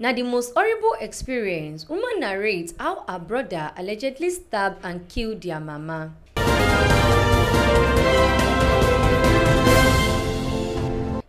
Now, the most horrible experience, woman narrates how her brother allegedly stabbed and killed their mama.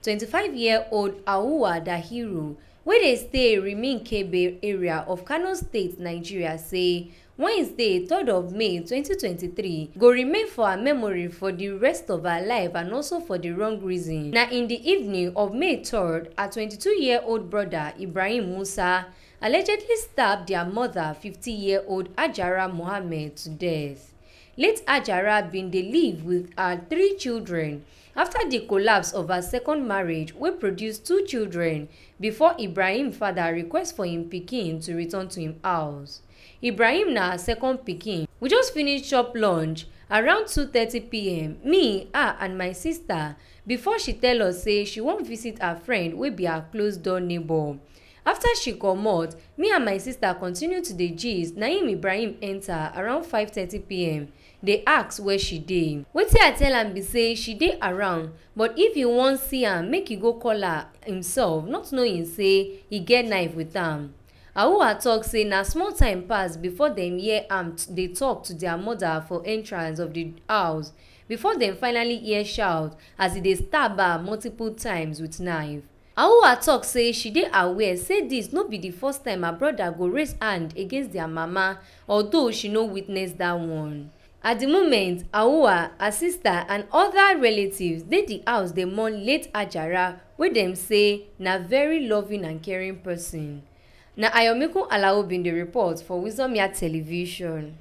Twenty-five-year-old Awuwa Dahiru wey dey stay riminkebe area of kano state nigeria say wednesday 3rd of may 2023 go remain for her memory for di rest of her life and also for di wrong reason na in di evening of may 3rd her 22-year-old brother ibrahim musa allegedly stabbed their mother 50-year-old ajara mohammed to death. Late Ajara bin dey live with her three children after di collapse of her second marriage wey produce two children before Ibrahim father request for im pikin to return to im house. Ibrahim na her second pikin. We just finish chop lunch around 2:30pm me her and my sister before she tell us say she wan visit her friend wey be her close door neighbour after she comot me and my sister continue to dey gist Na'im ibrahim enter around 5:30pm dey ask where she dey wetin i tell am be say she dey around but if he wan see am make he go call her himself not knowing say he get knife with am awuwa talk say na small time pass before dem hear am dey talk to their mother for entrance of the house before dem finally hear shout as he dey stab her multiple times with knife auwal tok say she dey aware say dis no be di first time her brother go raise hand against dia mama although she no witness dat one at di moment auwal her sister and oda relatives dey di house dey mourn late ajara wey dem say na very loving and caring person na ayomiko alao bin dey report for wisdom yard television.